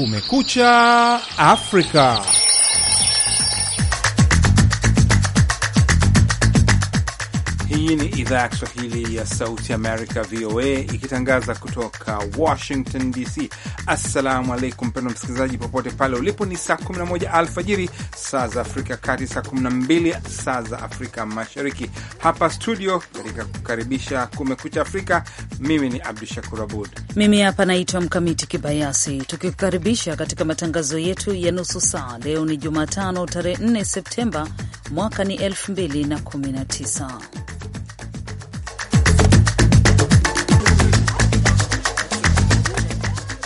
Kumekucha Afrika. Hii ni idhaa ya Kiswahili ya Sauti Amerika, VOA, ikitangaza kutoka Washington DC. Assalamu alaikum, mpendwa msikilizaji, popote pale ulipo. Ni saa 11 alfajiri saa za Afrika Kati, saa 12 saa za Afrika Mashariki. Hapa studio katika kukaribisha Kumekucha Afrika, mimi ni Abdu Shakur Abud, mimi hapa naitwa Mkamiti Kibayasi, tukikukaribisha katika matangazo yetu ya nusu saa. Leo ni Jumatano, tarehe 4 Septemba mwaka ni 2019.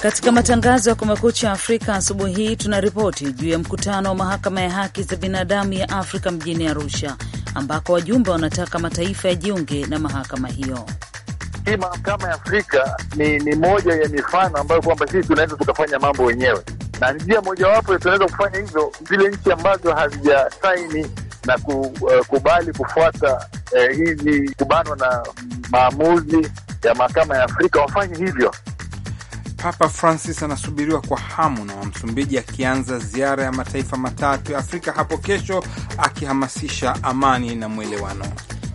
Katika matangazo ya Kumekucha Afrika asubuhi hii tuna ripoti juu ya mkutano wa mahakama ya haki za binadamu ya Afrika mjini Arusha, ambako wajumbe wanataka mataifa yajiunge na mahakama hiyo. Hii mahakama ya Afrika ni, ni moja ya mifano ambayo kwamba sisi tunaweza tukafanya mambo wenyewe, na njia mojawapo tunaweza kufanya hivyo zile nchi ambazo hazijasaini na kukubali eh, kufuata eh, hizi kubanwa na maamuzi ya mahakama ya Afrika wafanye hivyo. Papa Francis anasubiriwa kwa hamu na Wamsumbiji akianza ziara ya mataifa matatu ya Afrika hapo kesho, akihamasisha amani na mwelewano.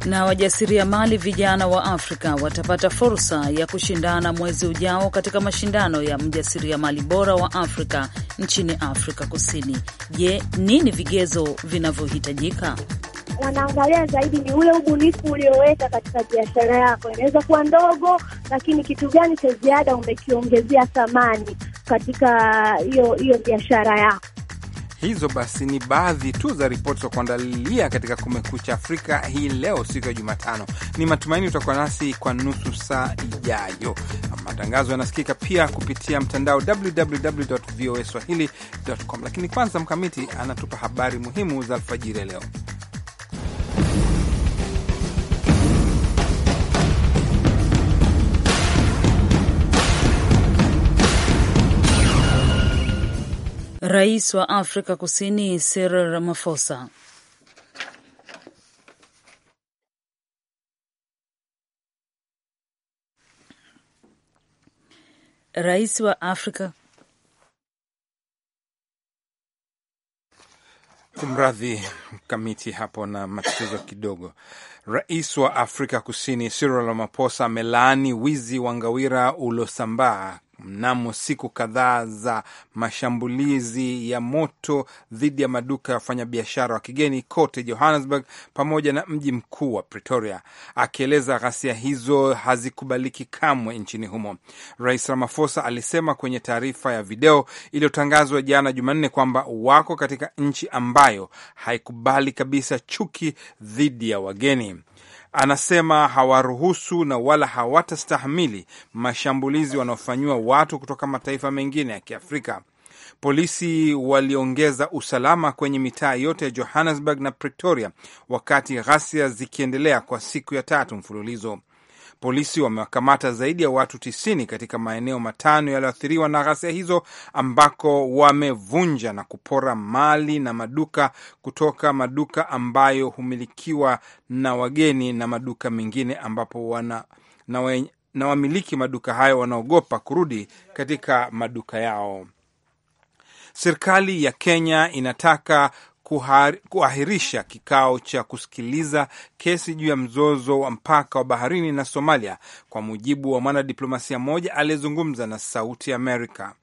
Na wajasiriamali vijana wa Afrika watapata fursa ya kushindana mwezi ujao katika mashindano ya mjasiriamali bora wa Afrika nchini Afrika Kusini. Je, nini vigezo vinavyohitajika? wanaangalia zaidi ni ule ubunifu ulioweka katika biashara yako. Inaweza kuwa ndogo, lakini kitu gani cha ziada umekiongezea thamani katika hiyo hiyo biashara yako. Hizo basi ni baadhi tu za ripoti za kuandalia katika Kumekucha Afrika hii leo, siku ya Jumatano. Ni matumaini utakuwa nasi kwa nusu saa ijayo. Matangazo yanasikika pia kupitia mtandao www voa com. lakini kwanza Mkamiti anatupa habari muhimu za alfajiri ya leo. Rais wa Afrika Kusini Cyril Ramaphosa Rais wa Afrika Kumradhi mkamiti hapo na matatizo kidogo. Rais wa Afrika Kusini Cyril Ramaphosa amelaani wizi wa ngawira uliosambaa mnamo siku kadhaa za mashambulizi ya moto dhidi ya maduka ya wafanyabiashara wa kigeni kote Johannesburg pamoja na mji mkuu wa Pretoria, akieleza ghasia hizo hazikubaliki kamwe nchini humo. Rais Ramaphosa alisema kwenye taarifa ya video iliyotangazwa jana Jumanne kwamba wako katika nchi ambayo haikubali kabisa chuki dhidi ya wageni. Anasema hawaruhusu na wala hawatastahimili mashambulizi wanaofanyiwa watu kutoka mataifa mengine ya Kiafrika. Polisi waliongeza usalama kwenye mitaa yote ya Johannesburg na Pretoria wakati ghasia zikiendelea kwa siku ya tatu mfululizo. Polisi wamewakamata zaidi ya watu tisini katika maeneo matano yaliyoathiriwa na ghasia hizo, ambako wamevunja na kupora mali na maduka kutoka maduka ambayo humilikiwa na wageni na maduka mengine ambapo wana na we na wamiliki maduka hayo wanaogopa kurudi katika maduka yao. Serikali ya Kenya inataka kuahirisha kikao cha kusikiliza kesi juu ya mzozo wa mpaka wa baharini na Somalia, kwa mujibu wa mwanadiplomasia mmoja aliyezungumza na Sauti Amerika.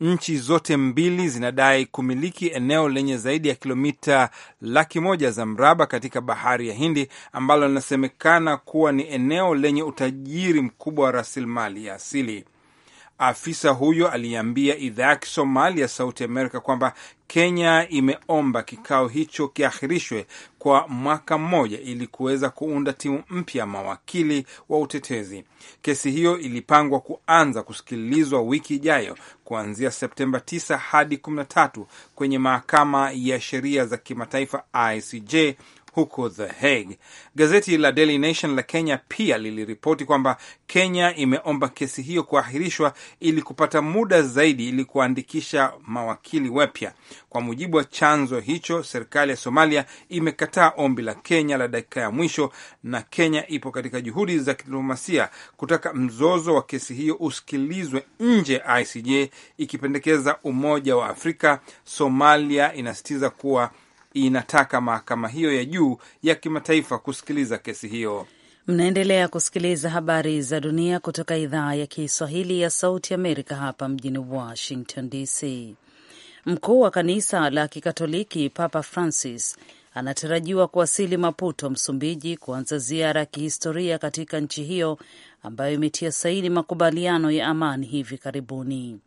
Nchi zote mbili zinadai kumiliki eneo lenye zaidi ya kilomita laki moja za mraba katika bahari ya Hindi ambalo linasemekana kuwa ni eneo lenye utajiri mkubwa wa rasilimali ya asili. Afisa huyo aliambia idhaa ya Kisomali ya Sauti Amerika kwamba Kenya imeomba kikao hicho kiahirishwe kwa mwaka mmoja ili kuweza kuunda timu mpya mawakili wa utetezi. Kesi hiyo ilipangwa kuanza kusikilizwa wiki ijayo kuanzia Septemba 9 hadi 13 kwenye mahakama ya sheria za kimataifa ICJ huko The Hague. Gazeti la Daily Nation la Kenya pia liliripoti kwamba Kenya imeomba kesi hiyo kuahirishwa ili kupata muda zaidi ili kuandikisha mawakili wapya. Kwa mujibu wa chanzo hicho, serikali ya Somalia imekataa ombi la Kenya la dakika ya mwisho, na Kenya ipo katika juhudi za kidiplomasia kutaka mzozo wa kesi hiyo usikilizwe nje ICJ, ikipendekeza Umoja wa Afrika. Somalia inasitiza kuwa inataka mahakama hiyo ya juu ya kimataifa kusikiliza kesi hiyo. Mnaendelea kusikiliza habari za dunia kutoka idhaa ya Kiswahili ya Sauti Amerika hapa mjini Washington DC. Mkuu wa kanisa la Kikatoliki Papa Francis anatarajiwa kuwasili Maputo, Msumbiji, kuanza ziara ya kihistoria katika nchi hiyo ambayo imetia saini makubaliano ya amani hivi karibuni.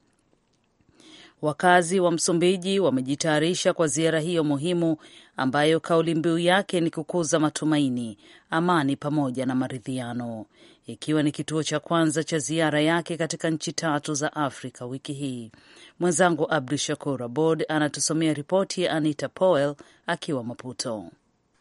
Wakazi wa Msumbiji wamejitayarisha kwa ziara hiyo muhimu ambayo kauli mbiu yake ni kukuza matumaini, amani pamoja na maridhiano, ikiwa ni kituo cha kwanza cha ziara yake katika nchi tatu za Afrika wiki hii. Mwenzangu Abdu Shakur Abod anatusomea ripoti ya Anita Powell akiwa Maputo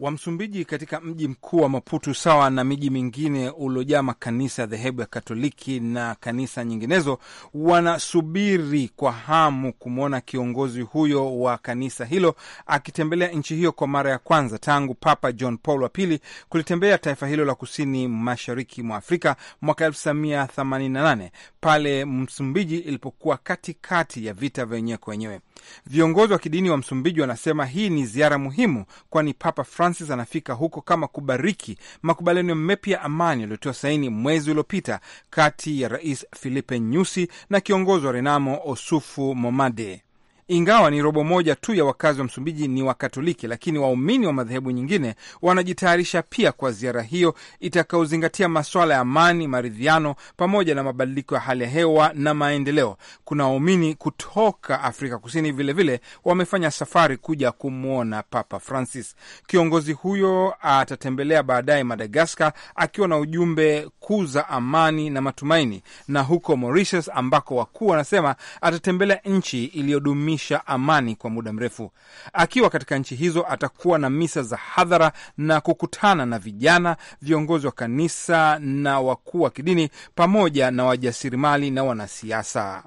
wa Msumbiji katika mji mkuu wa Maputo, sawa na miji mingine uliojaa makanisa ya dhehebu ya Katoliki na kanisa nyinginezo, wanasubiri kwa hamu kumwona kiongozi huyo wa kanisa hilo akitembelea nchi hiyo kwa mara ya kwanza tangu Papa John Paul wa pili kulitembea taifa hilo la kusini mashariki mwa Afrika mwaka 1988 pale Msumbiji ilipokuwa katikati ya vita vya wenyewe kwa wenyewe. Viongozi wa kidini wa Msumbiji wanasema hii ni ziara muhimu, kwani Papa Francis anafika huko kama kubariki makubaliano mapya ya amani yaliyotiwa saini mwezi uliopita kati ya Rais Filipe Nyusi na kiongozi wa Renamo Osufu Momade. Ingawa ni robo moja tu ya wakazi wa Msumbiji ni Wakatoliki, lakini waumini wa madhehebu nyingine wanajitayarisha pia kwa ziara hiyo itakayozingatia masuala ya amani, maridhiano, pamoja na mabadiliko ya hali ya hewa na maendeleo. Kuna waumini kutoka Afrika Kusini vilevile vile, wamefanya safari kuja kumwona Papa Francis. Kiongozi huyo atatembelea baadaye Madagaskar akiwa na ujumbe kuza amani na matumaini, na huko Mauritius ambako wakuu wanasema atatembelea nchi iliyodumia kudumisha amani kwa muda mrefu. Akiwa katika nchi hizo, atakuwa na misa za hadhara na kukutana na vijana, viongozi wa kanisa na wakuu wa kidini, pamoja na wajasirimali na wanasiasa.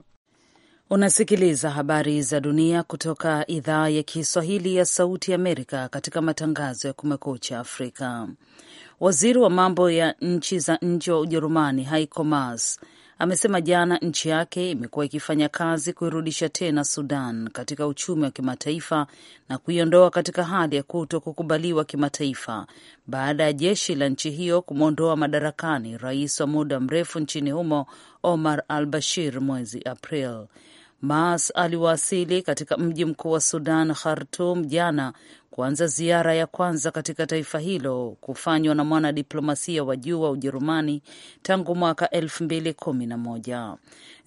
Unasikiliza habari za dunia kutoka idhaa ya Kiswahili ya Sauti Amerika katika matangazo ya Kumekucha Afrika. Waziri wa mambo ya nchi za nje wa Ujerumani Heiko Maas amesema jana nchi yake imekuwa ikifanya kazi kuirudisha tena Sudan katika uchumi wa kimataifa na kuiondoa katika hali ya kuto kukubaliwa kimataifa baada ya jeshi la nchi hiyo kumwondoa madarakani rais wa muda mrefu nchini humo Omar al Bashir mwezi April. Mas aliwasili katika mji mkuu wa Sudan, Khartum, jana kuanza ziara ya kwanza katika taifa hilo kufanywa na mwanadiplomasia wa juu wa Ujerumani tangu mwaka elfu mbili kumi na moja.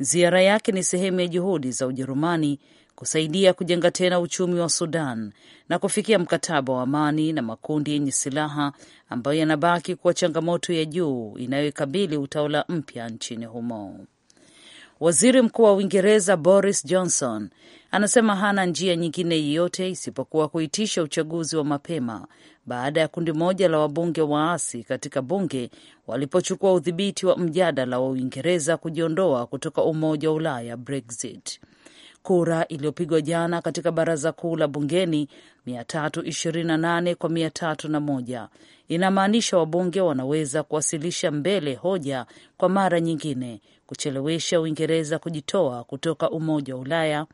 Ziara yake ni sehemu ya juhudi za Ujerumani kusaidia kujenga tena uchumi wa Sudan na kufikia mkataba wa amani na makundi yenye silaha ambayo yanabaki kuwa changamoto ya juu inayoikabili utawala mpya nchini humo. Waziri Mkuu wa Uingereza Boris Johnson anasema hana njia nyingine yeyote isipokuwa kuitisha uchaguzi wa mapema baada ya kundi moja la wabunge waasi katika bunge walipochukua udhibiti wa mjadala wa Uingereza kujiondoa kutoka Umoja wa Ulaya, Brexit. Kura iliyopigwa jana katika baraza kuu la bungeni 328 kwa 301 inamaanisha wabunge wanaweza kuwasilisha mbele hoja kwa mara nyingine kuchelewesha Uingereza kujitoa kutoka Umoja wa Ulaya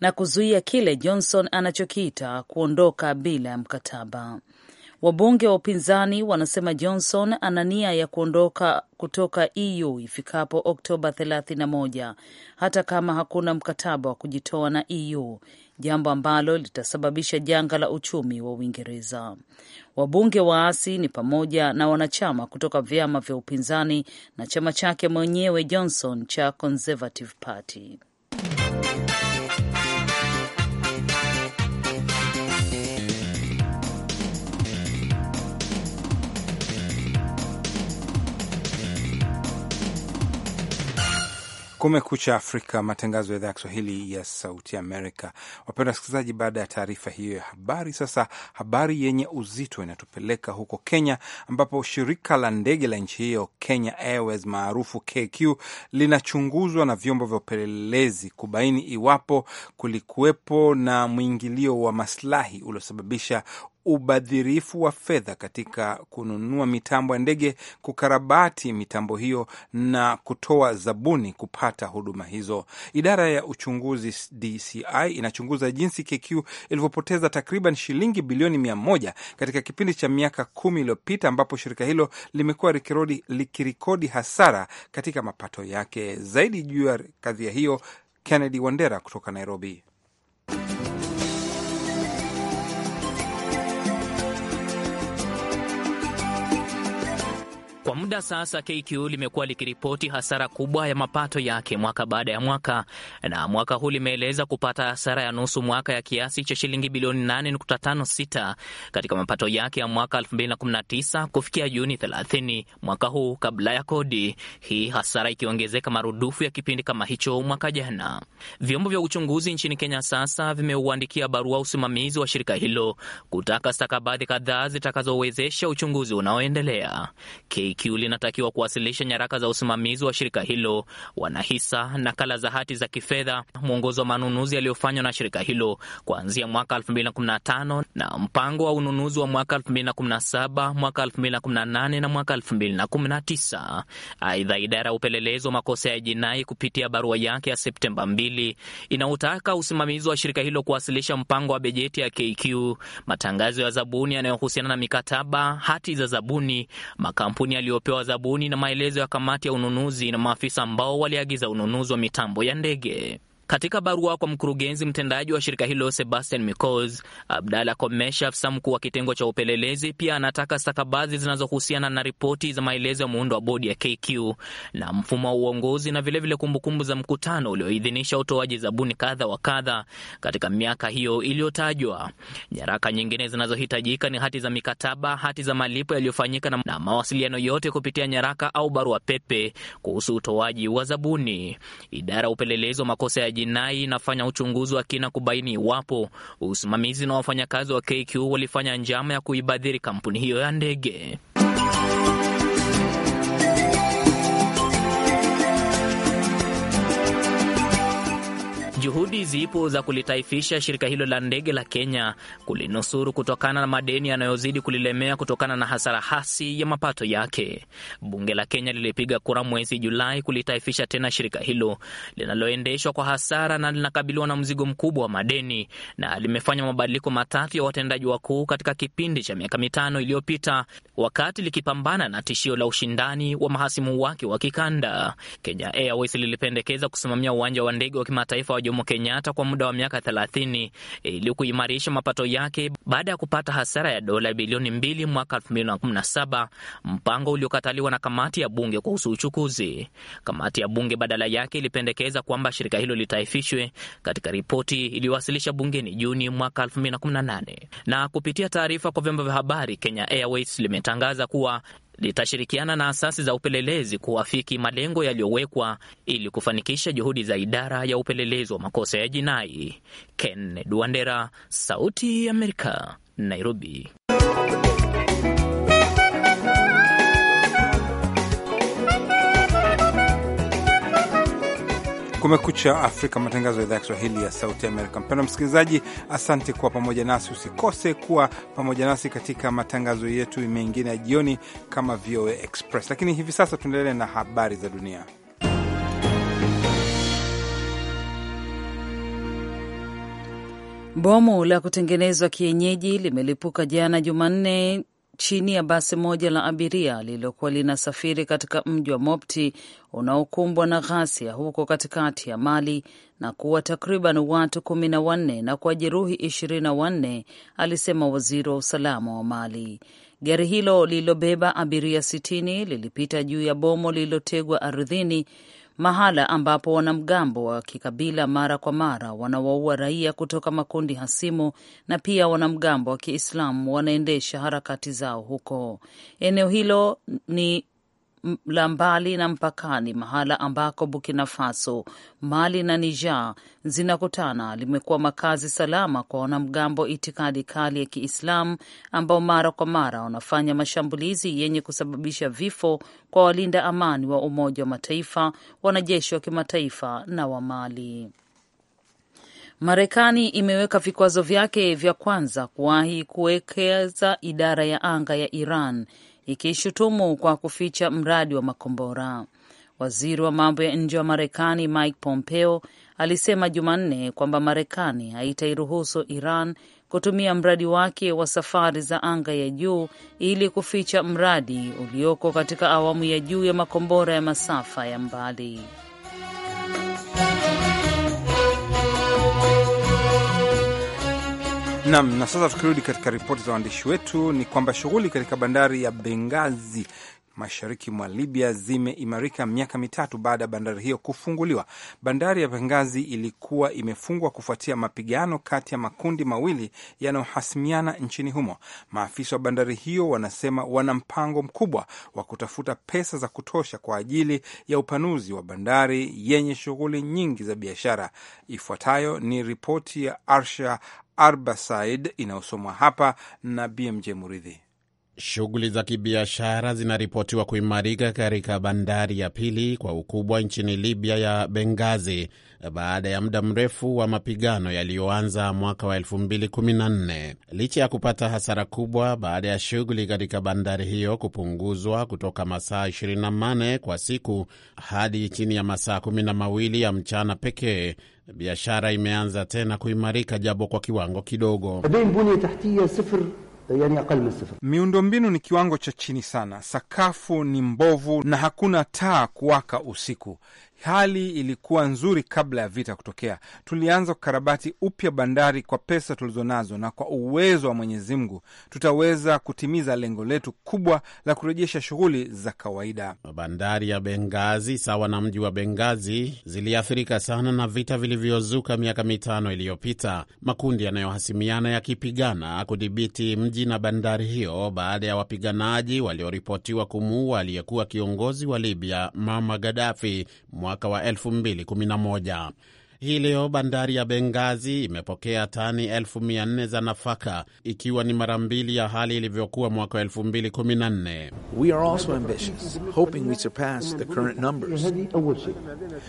na kuzuia kile Johnson anachokiita kuondoka bila ya mkataba. Wabunge wa upinzani wanasema Johnson ana nia ya kuondoka kutoka EU ifikapo Oktoba 31 hata kama hakuna mkataba wa kujitoa na EU jambo ambalo litasababisha janga la uchumi wa Uingereza. Wabunge waasi ni pamoja na wanachama kutoka vyama vya upinzani na chama chake mwenyewe Johnson cha Conservative Party. Kumekucha Afrika, matangazo ya idhaa ya Kiswahili ya Sauti Amerika. Wapenda wasikilizaji, baada ya taarifa hiyo ya habari, sasa habari yenye uzito inatupeleka huko Kenya, ambapo shirika la ndege la nchi hiyo Kenya Airways maarufu KQ linachunguzwa na vyombo vya upelelezi kubaini iwapo kulikuwepo na mwingilio wa maslahi uliosababisha ubadhirifu wa fedha katika kununua mitambo ya ndege, kukarabati mitambo hiyo na kutoa zabuni kupata huduma hizo. Idara ya uchunguzi DCI inachunguza jinsi KQ ilivyopoteza takriban shilingi bilioni mia moja katika kipindi cha miaka kumi iliyopita ambapo shirika hilo limekuwa likirikodi hasara katika mapato yake. Zaidi juu ya kadhia hiyo, Kennedy Wandera kutoka Nairobi. muda sasa KQ limekuwa likiripoti hasara kubwa ya mapato yake mwaka baada ya mwaka, na mwaka huu limeeleza kupata hasara ya nusu mwaka ya kiasi cha shilingi bilioni 8.56 katika mapato yake ya mwaka 2019 kufikia Juni 30 mwaka huu kabla ya kodi, hii hasara ikiongezeka marudufu ya kipindi kama hicho mwaka jana. Vyombo vya uchunguzi nchini Kenya sasa vimeuandikia barua usimamizi wa shirika hilo kutaka stakabadhi kadhaa zitakazowezesha uchunguzi unaoendelea. KQ linatakiwa kuwasilisha nyaraka za usimamizi wa shirika hilo, wanahisa, nakala za hati za kifedha, mwongozo wa manunuzi yaliyofanywa na shirika hilo kuanzia mwaka 2015 na mpango wa ununuzi wa mwaka 2017, mwaka 2018 na mwaka 2019. Aidha, idara ya upelelezi wa makosa ya jinai kupitia barua yake ya Septemba 2 inautaka usimamizi wa shirika hilo kuwasilisha mpango wa bejeti ya KQ, matangazo ya zabuni yanayohusiana na mikataba, hati za zabuni, makampuni yaliyopewa kupewa zabuni na maelezo ya kamati ya ununuzi na maafisa ambao waliagiza ununuzi wa mitambo ya ndege. Katika barua kwa mkurugenzi mtendaji wa shirika hilo Sebastian Micos, Abdalla Komesha, afisa mkuu wa kitengo cha upelelezi, pia anataka stakabadhi zinazohusiana na ripoti za maelezo ya muundo wa bodi ya KQ na mfumo wa uongozi na vilevile kumbukumbu za mkutano ulioidhinisha utoaji zabuni kadha wa kadha katika miaka hiyo iliyotajwa. Nyaraka nyingine zinazohitajika ni hati za mikataba, hati za malipo yaliyofanyika na mawasiliano yote kupitia nyaraka au barua pepe kuhusu utoaji wa zabuni. Idara ya upelelezi wa makosa ya jinai inafanya uchunguzi wa kina kubaini iwapo usimamizi na wafanyakazi wa KQ walifanya njama ya kuibadhiri kampuni hiyo ya ndege. zipo za kulitaifisha shirika hilo la ndege la Kenya, kulinusuru kutokana na madeni yanayozidi kulilemea kutokana na hasara hasi ya mapato yake. Bunge la Kenya lilipiga kura mwezi Julai kulitaifisha tena shirika hilo linaloendeshwa kwa hasara na linakabiliwa na mzigo mkubwa wa madeni, na limefanya mabadiliko matatu ya watendaji wakuu katika kipindi cha miaka mitano iliyopita, wakati likipambana na tishio la ushindani wa mahasimu wake wa kikanda. Kenya Airways lilipendekeza kusimamia uwanja wa ndege wa kimataifa wa Jomo Kenya Kenyatta kwa muda wa miaka 30 ili kuimarisha mapato yake baada ya kupata hasara ya dola bilioni 2 mwaka 2017, mpango uliokataliwa na kamati ya bunge kuhusu uchukuzi. Kamati ya bunge badala yake ilipendekeza kwamba shirika hilo litaifishwe katika ripoti iliyowasilisha bungeni Juni mwaka 2018. Na kupitia taarifa kwa vyombo vya habari, Kenya Airways limetangaza kuwa litashirikiana na asasi za upelelezi kuafiki malengo yaliyowekwa ili kufanikisha juhudi za idara ya upelelezi wa makosa ya jinai. Kennedy Wandera, Sauti ya Amerika, Nairobi. Kumekucha Afrika, matangazo ya idhaa ya Kiswahili ya Sauti Amerika. Mpendwa msikilizaji, asante kuwa pamoja nasi. Usikose kuwa pamoja nasi katika matangazo yetu mengine ya jioni kama VOA Express, lakini hivi sasa tuendelee na habari za dunia. Bomu la kutengenezwa kienyeji limelipuka jana Jumanne chini ya basi moja la abiria lililokuwa linasafiri katika mji wa Mopti unaokumbwa na ghasia huko katikati ya Mali na kuwa takriban watu kumi na wanne na kuwajeruhi ishirini na wanne, alisema waziri wa usalama wa Mali. Gari hilo lililobeba abiria sitini lilipita juu ya bomo lililotegwa ardhini mahala ambapo wanamgambo wa kikabila mara kwa mara wanawaua raia kutoka makundi hasimu na pia wanamgambo wa Kiislamu wanaendesha harakati zao huko. Eneo hilo ni la mbali na mpakani, mahala ambako Burkina Faso, Mali na Niger zinakutana, limekuwa makazi salama kwa wanamgambo itikadi kali ya Kiislamu ambao mara kwa mara wanafanya mashambulizi yenye kusababisha vifo kwa walinda amani wa Umoja wa Mataifa, wanajeshi wa kimataifa na wa Mali. Marekani imeweka vikwazo vyake vya kwanza kuwahi kuwekeza idara ya anga ya Iran ikiishutumu kwa kuficha mradi wa makombora. Waziri wa mambo ya nje wa Marekani Mike Pompeo alisema Jumanne kwamba Marekani haitairuhusu Iran kutumia mradi wake wa safari za anga ya juu ili kuficha mradi ulioko katika awamu ya juu ya makombora ya masafa ya mbali. Nam. Na sasa tukirudi katika ripoti za waandishi wetu, ni kwamba shughuli katika bandari ya Bengazi mashariki mwa Libya zimeimarika miaka mitatu baada ya bandari hiyo kufunguliwa. Bandari ya Bengazi ilikuwa imefungwa kufuatia mapigano kati ya makundi mawili yanayohasimiana nchini humo. Maafisa wa bandari hiyo wanasema wana mpango mkubwa wa kutafuta pesa za kutosha kwa ajili ya upanuzi wa bandari yenye shughuli nyingi za biashara. Ifuatayo ni ripoti ya Arsha Arbasaid inayosomwa hapa na BMJ Muridhi. Shughuli za kibiashara zinaripotiwa kuimarika katika bandari ya pili kwa ukubwa nchini Libya ya Bengazi baada ya muda mrefu wa mapigano yaliyoanza mwaka wa 2014. Licha ya kupata hasara kubwa baada ya shughuli katika bandari hiyo kupunguzwa kutoka masaa 24 kwa siku hadi chini ya masaa 12 ya mchana pekee, biashara imeanza tena kuimarika japo kwa kiwango kidogo. Miundo mbinu ni kiwango cha chini sana, sakafu ni mbovu na hakuna taa kuwaka usiku. Hali ilikuwa nzuri kabla ya vita kutokea. Tulianza kukarabati upya bandari kwa pesa tulizonazo, na kwa uwezo wa Mwenyezi Mungu tutaweza kutimiza lengo letu kubwa la kurejesha shughuli za kawaida. Bandari ya Bengazi sawa na mji wa Bengazi ziliathirika sana na vita vilivyozuka miaka mitano iliyopita, makundi yanayohasimiana yakipigana kudhibiti mji na bandari hiyo, baada ya wapiganaji walioripotiwa kumuua aliyekuwa kiongozi wa Libya Mama mwa mwaka wa 2011. Hii leo bandari ya Bengazi imepokea tani 4 za nafaka ikiwa ni mara mbili ya hali ilivyokuwa mwaka wa elfu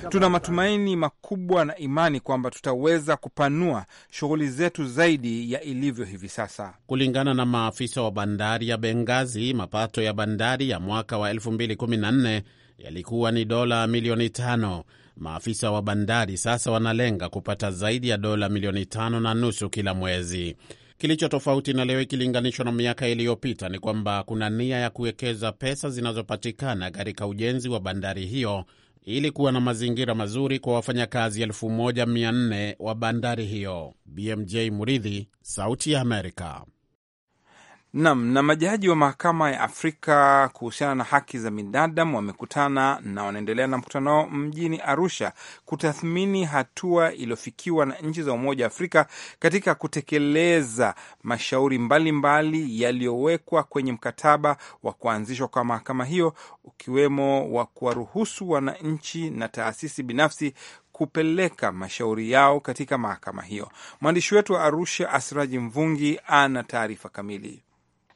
Tuna matumaini makubwa na imani kwamba tutaweza kupanua shughuli zetu zaidi ya ilivyo hivi sasa. Kulingana na maafisa wa bandari ya Bengazi, mapato ya bandari ya mwaka wa 214 yalikuwa ni dola milioni tano. Maafisa wa bandari sasa wanalenga kupata zaidi ya dola milioni tano na nusu kila mwezi. Kilicho tofauti na leo ikilinganishwa na miaka iliyopita ni kwamba kuna nia ya kuwekeza pesa zinazopatikana katika ujenzi wa bandari hiyo ili kuwa na mazingira mazuri kwa wafanyakazi 1400 wa bandari hiyo. BMJ Muridhi, Sauti ya Amerika. Nam na majaji wa mahakama ya Afrika kuhusiana na haki za binadamu wamekutana na wanaendelea na mkutano wao mjini Arusha kutathmini hatua iliyofikiwa na nchi za Umoja wa Afrika katika kutekeleza mashauri mbalimbali yaliyowekwa kwenye mkataba wa kuanzishwa kwa mahakama hiyo, ukiwemo wa kuwaruhusu wananchi na taasisi binafsi kupeleka mashauri yao katika mahakama hiyo. Mwandishi wetu wa Arusha, Asiraji Mvungi, ana taarifa kamili.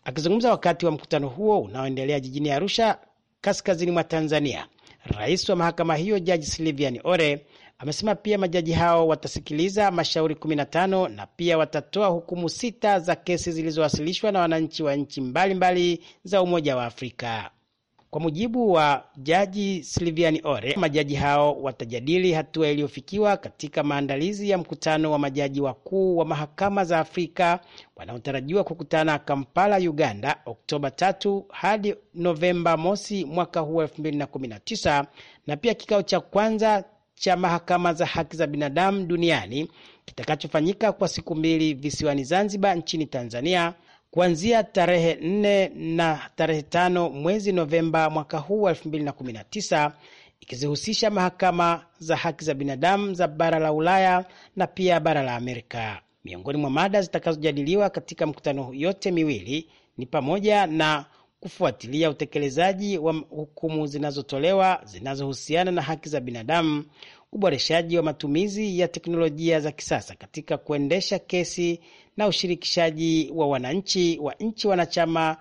Akizungumza wakati wa mkutano huo unaoendelea jijini Arusha, kaskazini mwa Tanzania, rais wa mahakama hiyo Jaji Silivian Ore amesema pia majaji hao watasikiliza mashauri 15 na pia watatoa hukumu sita za kesi zilizowasilishwa na wananchi wa nchi mbalimbali za Umoja wa Afrika. Kwa mujibu wa Jaji Silvian Ore, majaji hao watajadili hatua iliyofikiwa katika maandalizi ya mkutano wa majaji wakuu wa mahakama za Afrika wanaotarajiwa kukutana Kampala, Uganda, Oktoba 3 hadi Novemba mosi mwaka huu 2019 na pia kikao cha kwanza cha mahakama za haki za binadamu duniani kitakachofanyika kwa siku mbili visiwani Zanzibar nchini Tanzania kuanzia tarehe 4 na tarehe 5 mwezi Novemba mwaka huu wa 2019 ikizihusisha mahakama za haki za binadamu za bara la Ulaya na pia bara la Amerika. Miongoni mwa mada zitakazojadiliwa katika mkutano yote miwili ni pamoja na kufuatilia utekelezaji wa hukumu zinazotolewa zinazohusiana na haki za binadamu, uboreshaji wa matumizi ya teknolojia za kisasa katika kuendesha kesi na ushirikishaji wa wananchi wa nchi wanachama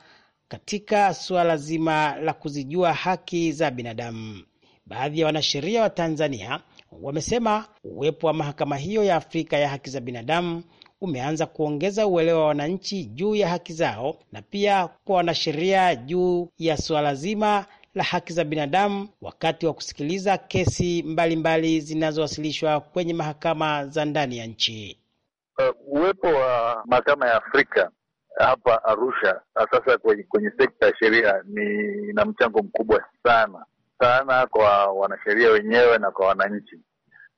katika suala zima la kuzijua haki za binadamu. Baadhi ya wanasheria wa Tanzania wamesema uwepo wa mahakama hiyo ya Afrika ya haki za binadamu umeanza kuongeza uelewa wa wananchi juu ya haki zao na pia kwa wanasheria juu ya suala zima la haki za binadamu wakati wa kusikiliza kesi mbalimbali zinazowasilishwa kwenye mahakama za ndani ya nchi. Eh, uwepo wa mahakama ya Afrika hapa Arusha sasa kwenye, kwenye sekta ya sheria ni na mchango mkubwa sana sana kwa wanasheria wenyewe na kwa wananchi,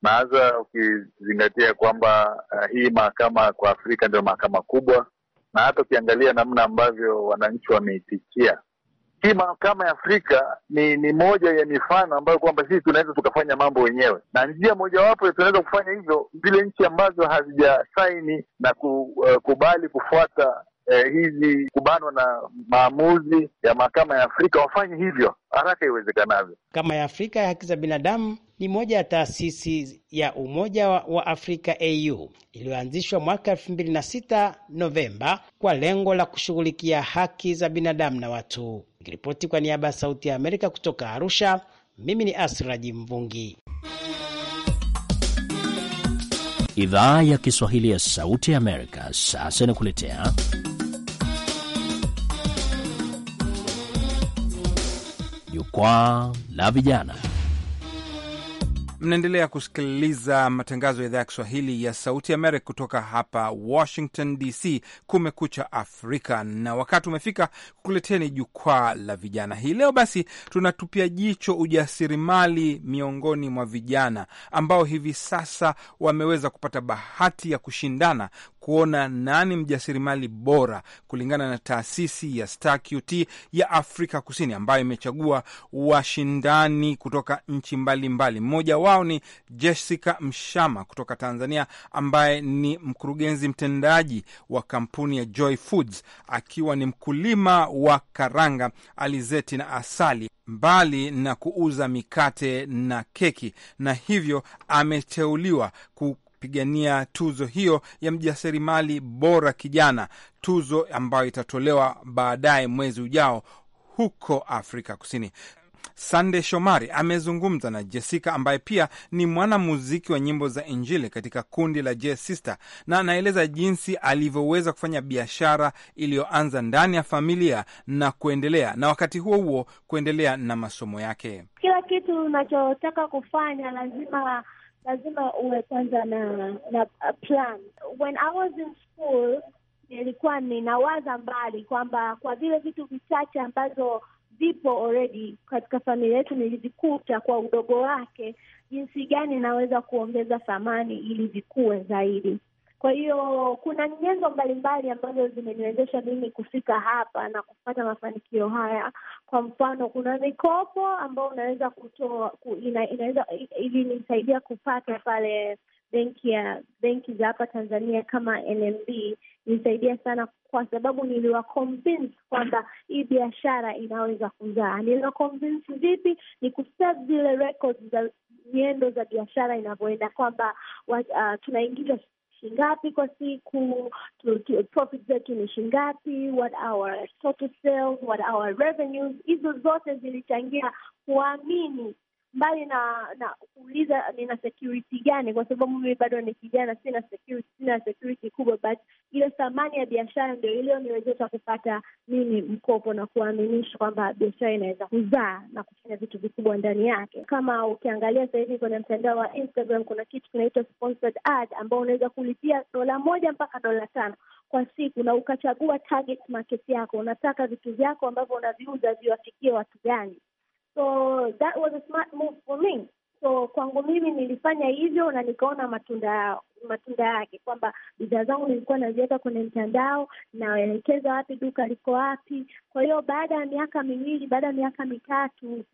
na hasa ukizingatia kwamba uh, hii mahakama kwa Afrika ndio mahakama kubwa, na hata ukiangalia namna ambavyo wananchi wameitikia hii mahakama ya Afrika ni ni moja ya mifano ambayo kwamba sisi tunaweza tukafanya mambo wenyewe, na njia mojawapo tunaweza kufanya hivyo zile nchi ambazo hazijasaini na kukubali uh, eh, kubali kufuata Eh, hizi kubanwa na maamuzi ya mahakama ya Afrika wafanye hivyo haraka iwezekanavyo. Mahakama ya Afrika ya haki za binadamu ni moja ya taasisi ya Umoja wa Afrika AU iliyoanzishwa mwaka sita Novemba kwa lengo la kushughulikia haki za binadamu na watu. Nikiripoti kwa niaba ya Sauti ya Amerika kutoka Arusha, mimi ni Asraji Mvungi. Idhaa ya Kiswahili ya Sauti ya Amerika sasa inakuletea Jukwaa la Vijana. Mnaendelea kusikiliza matangazo ya idhaa ya Kiswahili ya Sauti Amerika kutoka hapa Washington DC. Kumekucha Afrika, na wakati umefika kukuleteni jukwaa la vijana hii leo. Basi tunatupia jicho ujasirimali miongoni mwa vijana ambao hivi sasa wameweza kupata bahati ya kushindana kuona nani mjasirimali bora kulingana na taasisi ya StarQT ya Afrika Kusini ambayo imechagua washindani kutoka nchi mbalimbali. Mmoja wao ni Jessica Mshama kutoka Tanzania ambaye ni mkurugenzi mtendaji wa kampuni ya Joy Foods, akiwa ni mkulima wa karanga, alizeti na asali mbali na kuuza mikate na keki, na hivyo ameteuliwa pigania tuzo hiyo ya mjasiriamali bora kijana, tuzo ambayo itatolewa baadaye mwezi ujao huko Afrika Kusini. Sande Shomari amezungumza na Jessica ambaye pia ni mwanamuziki wa nyimbo za Injili katika kundi la J Sister, na anaeleza jinsi alivyoweza kufanya biashara iliyoanza ndani ya familia na kuendelea na wakati huo huo kuendelea na masomo yake. Kila kitu unachotaka kufanya lazima lazima uwe kwanza na na plan. When I was in school nilikuwa ninawaza mbali kwamba kwa vile vitu vichache ambazo vipo already katika familia yetu nilivikuta kwa udogo wake, jinsi gani naweza kuongeza thamani ili vikue zaidi. Kwa hiyo kuna nyenzo mbalimbali ambazo zimeniwezesha mimi kufika hapa na kupata mafanikio haya. Kwa mfano, kuna mikopo ambayo unaweza kutoa ku, ina, inaweza ilinisaidia kupata pale benki ya benki za hapa Tanzania kama NMB nisaidia sana, kwa sababu niliwa convince kwamba hii biashara inaweza kuzaa. Niliwa convince vipi? Ni kusave zile records za nyendo za biashara inavyoenda, kwamba uh, tunaingiza shingapi kwa siku, profit zetu ni shingapi, what our total sales, what our revenues. Hizo zote zilichangia kuamini mbali na na kuuliza nina security gani, kwa sababu mimi bado ni kijana, sina security, sina security kubwa, but ile thamani ya biashara ndio iliyoniwezesha kupata mimi mkopo na kuaminisha kwamba biashara inaweza kuzaa na kufanya vitu vikubwa ndani yake. Kama ukiangalia sasa hivi kwenye mtandao wa Instagram kuna kitu kinaitwa sponsored ad, ambao unaweza kulipia dola moja mpaka dola tano kwa siku na ukachagua target market yako, unataka vitu vyako ambavyo unaviuza viwafikie watu gani. So that was a smart move for me. So kwangu mimi nilifanya hivyo na nikaona matunda yao matunda yake, kwamba bidhaa zangu nilikuwa naziweka kwenye mtandao, nawelekeza wapi, duka liko wapi. Kwa hiyo baada ya miaka miwili, baada ya miaka mitatu,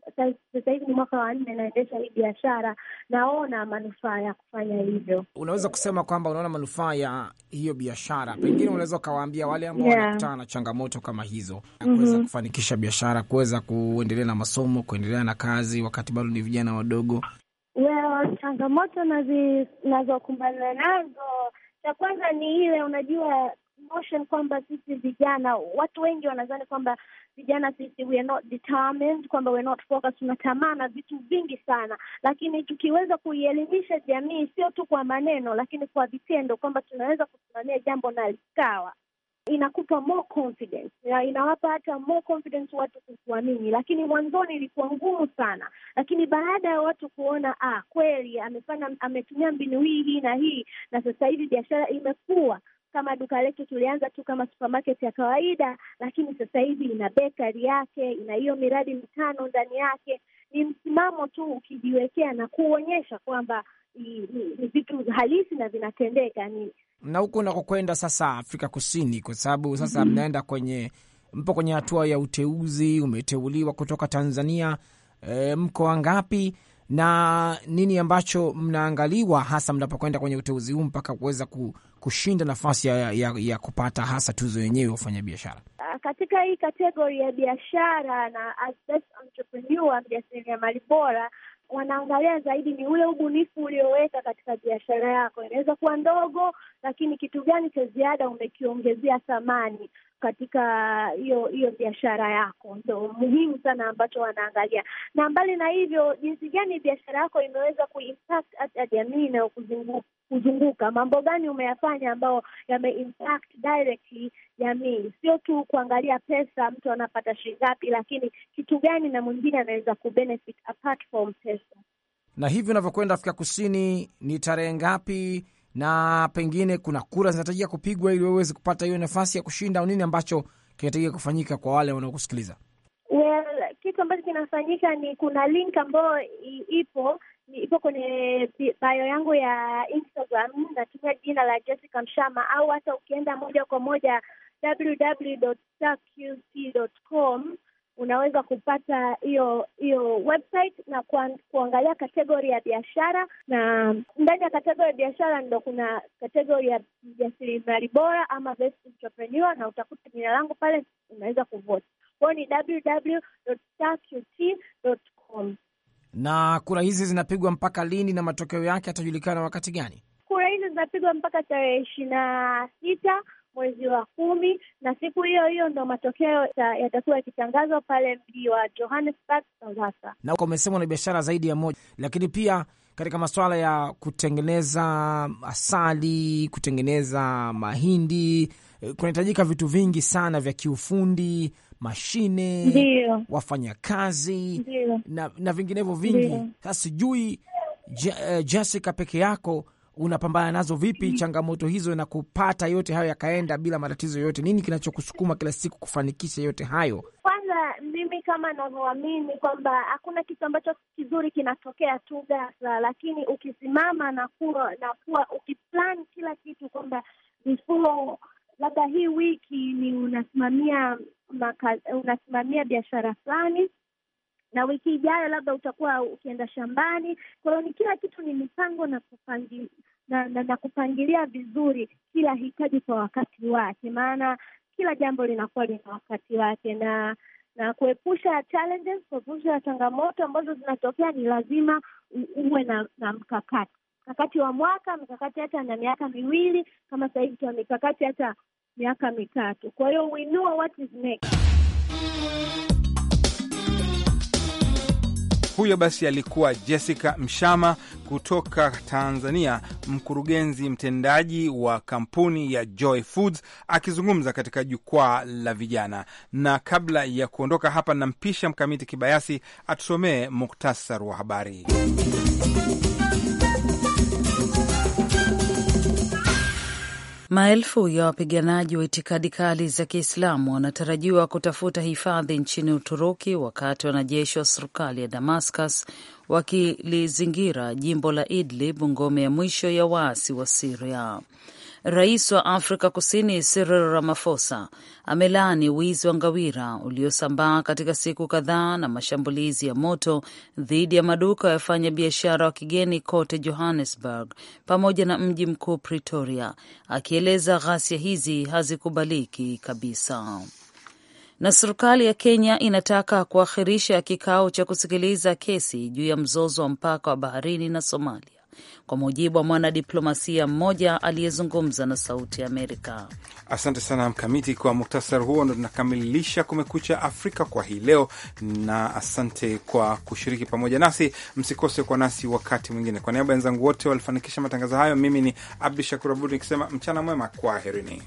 sasa hivi ni mwaka wa nne naendesha hii biashara, naona manufaa ya kufanya hivyo. Unaweza kusema kwamba unaona manufaa ya hiyo biashara, pengine unaweza ukawaambia wale ambao yeah, wanakutana na changamoto kama hizo ya kuweza mm -hmm, kufanikisha biashara, kuweza kuendelea na masomo, kuendelea na kazi wakati bado ni vijana wadogo changamoto nazokumbana nazo, cha kwanza ni ile unajua kwamba sisi vijana, watu wengi wanadhani kwamba vijana sisi we are not determined, kwamba we are not focused, tunatamaa na vitu vingi sana, lakini tukiweza kuielimisha jamii sio tu kwa maneno, lakini kwa vitendo, kwamba tunaweza kusimamia jambo na likawa inakupa more confidence na inawapa hata more confidence watu kukuamini. Lakini mwanzoni ilikuwa ngumu sana, lakini baada ya watu kuona ah, kweli amefanya, ametumia mbinu hii hii na hii, na sasa hivi biashara imekuwa kama duka letu tulianza tu kama supermarket ya kawaida, lakini sasa hivi ina bakery yake, ina hiyo miradi mitano ndani yake. Ni msimamo tu ukijiwekea na kuonyesha kwamba ni vitu halisi na vinatendeka, ni na huko unakokwenda sasa Afrika Kusini, kwa sababu sasa mm-hmm. mnaenda mm -hmm. kwenye mpo kwenye hatua ya uteuzi, umeteuliwa kutoka Tanzania e, mko wangapi na nini ambacho mnaangaliwa hasa mnapokwenda kwenye uteuzi huu mpaka kuweza kushinda nafasi ya, ya, ya kupata hasa tuzo yenyewe wafanya biashara ah, katika hii kategori ya biashara na as best entrepreneur, mjasiriamali bora wanaangalia zaidi ni ule ubunifu ulioweka katika biashara yako. Inaweza kuwa ndogo, lakini kitu gani cha ziada umekiongezea thamani katika hiyo hiyo biashara yako, ndo muhimu sana ambacho wanaangalia. Na mbali na hivyo, jinsi gani biashara yako imeweza kuimpact hata jamii inayokuzunguka kuzunguka, mambo gani umeyafanya ambayo yame impact directly jamii, sio tu kuangalia pesa mtu anapata shilingi ngapi, lakini kitu gani na mwingine anaweza kubenefit apart from pesa. Na hivi unavyokwenda Afrika Kusini, ni tarehe ngapi? Na pengine kuna kura zinatarajia kupigwa ili wewe uweze kupata hiyo nafasi ya kushinda, au nini ambacho kinatarajia kufanyika kwa wale wanaokusikiliza? Well, kitu ambacho kinafanyika ni kuna link ambayo ipo ipo kwenye bayo yangu ya Instagram, natumia jina la Jessica Mshama, au hata ukienda moja kwa moja www.starqc.com unaweza kupata hiyo hiyo website na kuangalia kategori ya biashara, na ndani ya kategori ya biashara ndo kuna kategori ya jasilimali bora ama best entrepreneur, na utakuta jina langu pale, unaweza kuvote. kwao ni www.starqc.com. Na kura hizi zinapigwa mpaka lini na matokeo yake yatajulikana wakati gani? Kura hizi zinapigwa mpaka tarehe ishirini na sita mwezi wa kumi, na siku hiyo hiyo ndo matokeo yatakuwa yakitangazwa pale mji wa Johannesburg, South Africa. Na umesema na biashara zaidi ya moja, lakini pia katika masuala ya kutengeneza asali, kutengeneza mahindi, eh, kunahitajika vitu vingi sana vya kiufundi mashine, wafanyakazi na, na vinginevyo vingi. Sasa sijui eh, Jessica peke yako unapambana nazo vipi mm-hmm. changamoto hizo na kupata yote hayo yakaenda bila matatizo yoyote? Nini kinachokusukuma kila siku kufanikisha yote hayo? Kwanza mimi kama navyoamini kwamba hakuna kitu ambacho kizuri kinatokea tu ghafla, lakini ukisimama na kuwa na kuwa ukiplan kila kitu kwamba before labda hii wiki ni unasimamia maka, unasimamia biashara fulani na wiki ijayo labda utakuwa ukienda shambani. Kwa hiyo ni kila kitu ni mipango na kupangi, na, na, na kupangilia vizuri kila hitaji kwa wakati wake, maana kila jambo linakuwa lina wakati wake na na kuepusha challenges, kuepusha changamoto ambazo zinatokea, ni lazima uwe na, na mkakati mkakati wa mwaka, mikakati hata na miaka miwili, kama sasa hivi tuna mikakati hata miaka mitatu. Kwa hiyo we know what is next. Huyo basi alikuwa Jessica Mshama kutoka Tanzania, mkurugenzi mtendaji wa kampuni ya Joy Foods akizungumza katika jukwaa la vijana. Na kabla ya kuondoka hapa, nampisha Mkamiti Kibayasi atusomee muktasar wa habari. Maelfu ya wapiganaji wa itikadi kali za Kiislamu wanatarajiwa kutafuta hifadhi nchini Uturuki wakati wanajeshi wa serikali ya Damascus wakilizingira jimbo la Idlib, ngome ya mwisho ya waasi wa Siria. Rais wa Afrika Kusini Cyril Ramaphosa amelaani wizi wa ngawira uliosambaa katika siku kadhaa na mashambulizi ya moto dhidi ya maduka ya biashara wa kigeni kote Johannesburg pamoja na mji mkuu Pretoria, akieleza ghasia hizi hazikubaliki kabisa na serikali ya Kenya inataka kuakhirisha kikao cha kusikiliza kesi juu ya mzozo wa mpaka wa baharini na Somalia kwa mujibu wa mwanadiplomasia mmoja aliyezungumza na Sauti ya Amerika. Asante sana Mkamiti kwa muktasari huo, ndo tunakamilisha Kumekucha Afrika kwa hii leo, na asante kwa kushiriki pamoja nasi. Msikose kwa nasi wakati mwingine. Kwa niaba ya wenzangu wote walifanikisha matangazo hayo, mimi ni Abdu Shakur Abud nikisema mchana mwema, kwaherini.